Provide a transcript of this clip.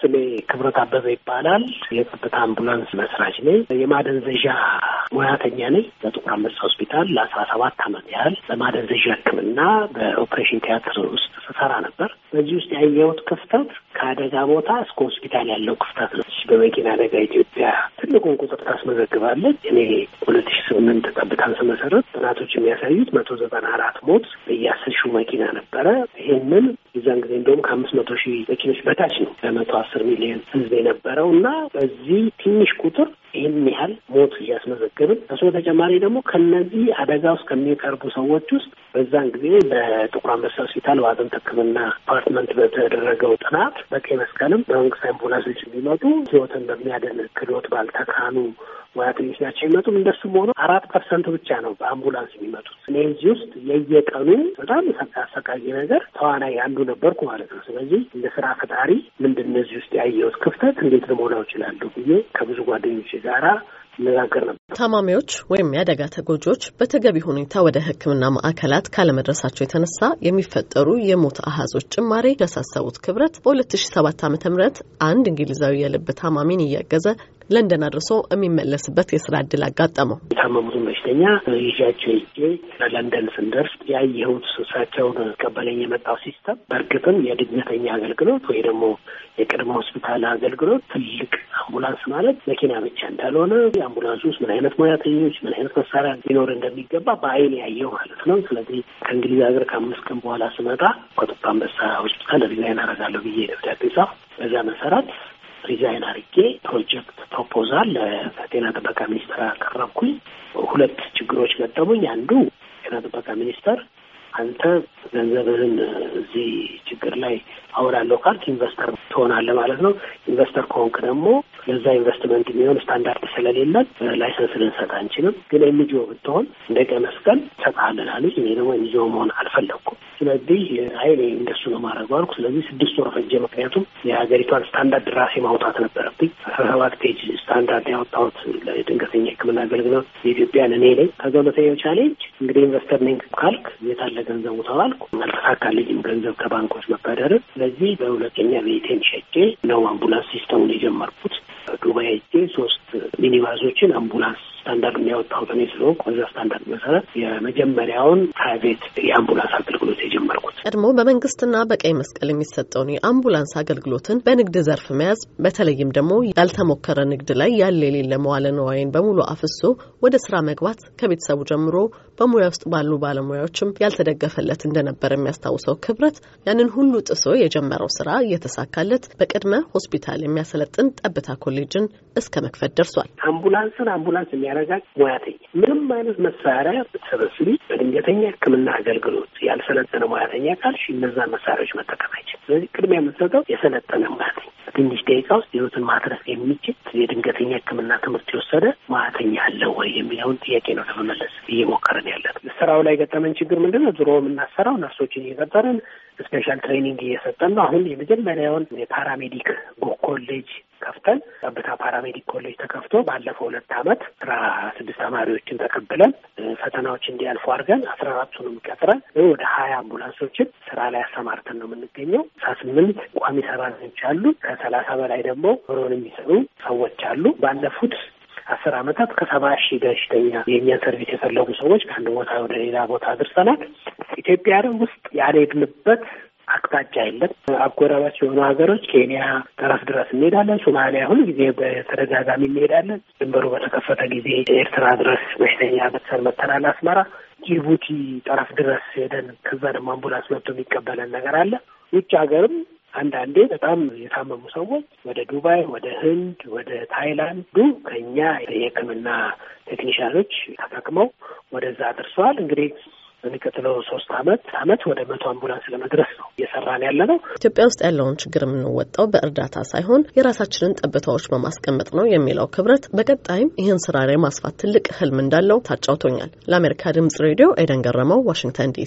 ስሜ ክብረት አበበ ይባላል። የጠብታ አምቡላንስ መስራች ነኝ። የማደንዘዣ ሙያተኛ ነኝ። በጥቁር አንበሳ ሆስፒታል ለአስራ ሰባት ዓመት ያህል በማደንዘዣ ሕክምና በኦፕሬሽን ቲያትር ውስጥ ስሰራ ነበር። በዚህ ውስጥ ያየሁት ክፍተት ከአደጋ ቦታ እስከ ሆስፒታል ያለው ክፍተት ነው። በመኪና አደጋ ኢትዮጵያ ትልቁን ቁጥር ታስመዘግባለች። እኔ ሁለት ሺ ስምንት ጠብታን ስመሰረት ጥናቶች የሚያሳዩት መቶ ዘጠና አራት ሞት በየአስር ሺው መኪና ነበረ። ይህንን የዛን ጊዜ እንደውም ከአምስት መቶ ሺህ መኪኖች በታች ነው ለመቶ አስር ሚሊዮን ህዝብ የነበረው እና በዚህ ትንሽ ቁጥር ይህን ያህል ሞት እያስመዘገብን እሱ በተጨማሪ ደግሞ ከነዚህ አደጋ ውስጥ ከሚቀርቡ ሰዎች ውስጥ በዛን ጊዜ በጥቁር አንበሳ ሆስፒታል በአጥንት ሕክምና ዲፓርትመንት በተደረገው ጥናት በቀይ መስቀልም በመንግስት አምቡላንሶች የሚመጡ ህይወትን በሚያደን ክህሎት ባልተካኑ ሙያተኞች ናቸው የሚመጡም። እንደሱም ሆኖ አራት ፐርሰንት ብቻ ነው በአምቡላንስ የሚመጡት። እኔ እዚህ ውስጥ የየቀኑ በጣም አሰቃቂ ነገር ተዋናይ አንዱ ነበርኩ ማለት ነው። ስለዚህ እንደ ስራ ፈጣሪ ምንድን ነው እዚህ ውስጥ ያየሁት ክፍተት እንዴት ልሞላው እችላለሁ ብዬ ከብዙ ጓደኞች ጋር ጋራ ነጋገር ነበር። ታማሚዎች ወይም የአደጋ ተጎጂዎች በተገቢ ሁኔታ ወደ ሕክምና ማዕከላት ካለመድረሳቸው የተነሳ የሚፈጠሩ የሞት አሀዞች ጭማሬ ያሳሰቡት ክብረት በ2007 ዓ ም አንድ እንግሊዛዊ የልብ ታማሚን እያገዘ ለንደን አድርሶ የሚመለስበት የስራ እድል አጋጠመው። የታመሙትን በሽተኛ ይዣቸው ሄጄ ለንደን ስንደርስ ያየሁት እሳቸውን ቀበለኝ የመጣው ሲስተም በእርግጥም የድግነተኛ አገልግሎት ወይ ደግሞ የቅድመ ሆስፒታል አገልግሎት ትልቅ አምቡላንስ ማለት መኪና ብቻ እንዳልሆነ አምቡላንስ ውስጥ ምን አይነት ሙያተኞች ምን አይነት መሳሪያ ሊኖር እንደሚገባ በአይን ያየው ማለት ነው። ስለዚህ ከእንግሊዝ ሀገር ከአምስት ቀን በኋላ ስመጣ ከጥቁር አንበሳ ሆስፒታል ሪዛይን አደርጋለሁ ብዬ ደብዳቤ ጻፍ። በዛ መሰረት ሪዛይን አድርጌ ፕሮጀክት ፕሮፖዛል ለጤና ጥበቃ ሚኒስትር አቀረብኩኝ። ሁለት ችግሮች ገጠሙኝ። አንዱ ጤና ጥበቃ ሚኒስተር አንተ ገንዘብህን እዚህ ችግር ላይ አውላለሁ ካልክ ኢንቨስተር ትሆናለህ ማለት ነው። ኢንቨስተር ከሆንክ ደግሞ ለዛ ኢንቨስትመንት የሚሆን ስታንዳርድ ስለሌለን ላይሰንስ ልንሰጥ አንችልም። ግን ኤንጂኦ ብትሆን እንደ ቀይ መስቀል ሰጥሃለን አሉኝ። እኔ ደግሞ ኤንጂኦ መሆን አልፈለግኩም። ስለዚህ ሀይል እንደሱ ነው በማድረግ አልኩ። ስለዚህ ስድስት ወር ፈጀ። ምክንያቱም የሀገሪቷን ስታንዳርድ ራሴ ማውጣት ነበረብኝ። አስራ ሰባት ፔጅ ስታንዳርድ ያወጣሁት ለድንገተኛ ሕክምና አገልግሎት የኢትዮጵያን እኔ ነኝ። ከዛ ሁለተኛው ቻሌንጅ እንግዲህ ኢንቨስተር ነኝ ካልክ የታለ ገንዘቡ ተባልኩ። አልተሳካልኝም ገንዘብ ከባንኮች መበደርን። ስለዚህ በሁለተኛ ቤቴን ሸጬ ነው አምቡላንስ ሲስተሙን የጀመርኩት። ዱባይ ሄጄ ሶስት ሚኒባሶችን አምቡላንስ ስታንዳርድ የሚያወጣው እኔ ስለሆንኩ በዛ ስታንዳርድ መሰረት የመጀመሪያውን ፕራይቬት የአምቡላንስ አገልግሎት የጀመርኩት። ቀድሞ በመንግስትና በቀይ መስቀል የሚሰጠውን የአምቡላንስ አገልግሎትን በንግድ ዘርፍ መያዝ በተለይም ደግሞ ያልተሞከረ ንግድ ላይ ያለ የሌለ መዋለ ንዋይን በሙሉ አፍሶ ወደ ስራ መግባት ከቤተሰቡ ጀምሮ በሙያ ውስጥ ባሉ ባለሙያዎችም ያልተደገፈለት እንደነበር የሚያስታውሰው ክብረት ያንን ሁሉ ጥሶ የጀመረው ስራ እየተሳካለት በቅድመ ሆስፒታል የሚያሰለጥን ጠብታ ኮሌጅን እስከ መክፈት ደርሷል። አምቡላንስን አምቡላንስ የሚያ ተረጋግ ሙያተኛ ምንም አይነት መሳሪያ ብትሰበስቢ በድንገተኛ ሕክምና አገልግሎት ያልሰለጠነ ሙያተኛ ካልሽ እነዛ መሳሪያዎች መጠቀም አይችል። ስለዚህ ቅድሚያ የምንሰጠው የሰለጠነ ሙያተኛ በትንሽ ደቂቃ ውስጥ ህይወትን ማትረፍ የሚችል የድንገተኛ ሕክምና ትምህርት የወሰደ ሙያተኛ አለ ወይ የሚለውን ጥያቄ ነው ለመመለስ እየሞከረን ያለን። ስራው ላይ ገጠመን ችግር ምንድን ነው? ድሮ የምናሰራው ነርሶችን እየቀጠርን ስፔሻል ትሬኒንግ እየሰጠን ነው። አሁን የመጀመሪያውን የፓራሜዲክ ኮሌጅ ከፍተን ጠብታ ፓራሜዲክ ኮሌጅ ተከፍቶ ባለፈው ሁለት አመት አስራ ስድስት ተማሪዎችን ተቀብለን ፈተናዎች እንዲያልፉ አድርገን አስራ አራቱንም ቀጥረን ወደ ሀያ አምቡላንሶችን ስራ ላይ አሰማርተን ነው የምንገኘው። አስራ ስምንት ቋሚ ሰራተኞች አሉ። ከሰላሳ በላይ ደግሞ ሮን የሚሰሩ ሰዎች አሉ። ባለፉት አስር ዓመታት ከሰባ ሺህ በሽተኛ የእኛን ሰርቪስ የፈለጉ ሰዎች ከአንድ ቦታ ወደ ሌላ ቦታ አድርሰናል። ኢትዮጵያ ውስጥ ያልሄድንበት አቅጣጫ የለም። አጎራባች የሆኑ ሀገሮች ኬንያ ጠረፍ ድረስ እንሄዳለን። ሶማሊያ ሁሉ ጊዜ በተደጋጋሚ እንሄዳለን። ድንበሩ በተከፈተ ጊዜ ኤርትራ ድረስ በሽተኛ በተሰል መተናል። አስመራ፣ ጅቡቲ ጠረፍ ድረስ ሄደን ከዛ ደግሞ አምቡላንስ መጥቶ የሚቀበለን ነገር አለ። ውጭ ሀገርም አንዳንዴ በጣም የታመሙ ሰዎች ወደ ዱባይ፣ ወደ ህንድ፣ ወደ ታይላንዱ ከኛ የህክምና ቴክኒሽያኖች ተጠቅመው ወደዛ አድርሰዋል። እንግዲህ በሚቀጥለው ሶስት አመት አመት ወደ መቶ አምቡላንስ ለመድረስ ነው እየሰራን ያለ ነው። ኢትዮጵያ ውስጥ ያለውን ችግር የምንወጣው በእርዳታ ሳይሆን የራሳችንን ጠብታዎች በማስቀመጥ ነው የሚለው ክብረት፣ በቀጣይም ይህን ስራ ላይ ማስፋት ትልቅ ህልም እንዳለው ታጫውቶኛል። ለአሜሪካ ድምጽ ሬዲዮ ኤደን ገረመው፣ ዋሽንግተን ዲሲ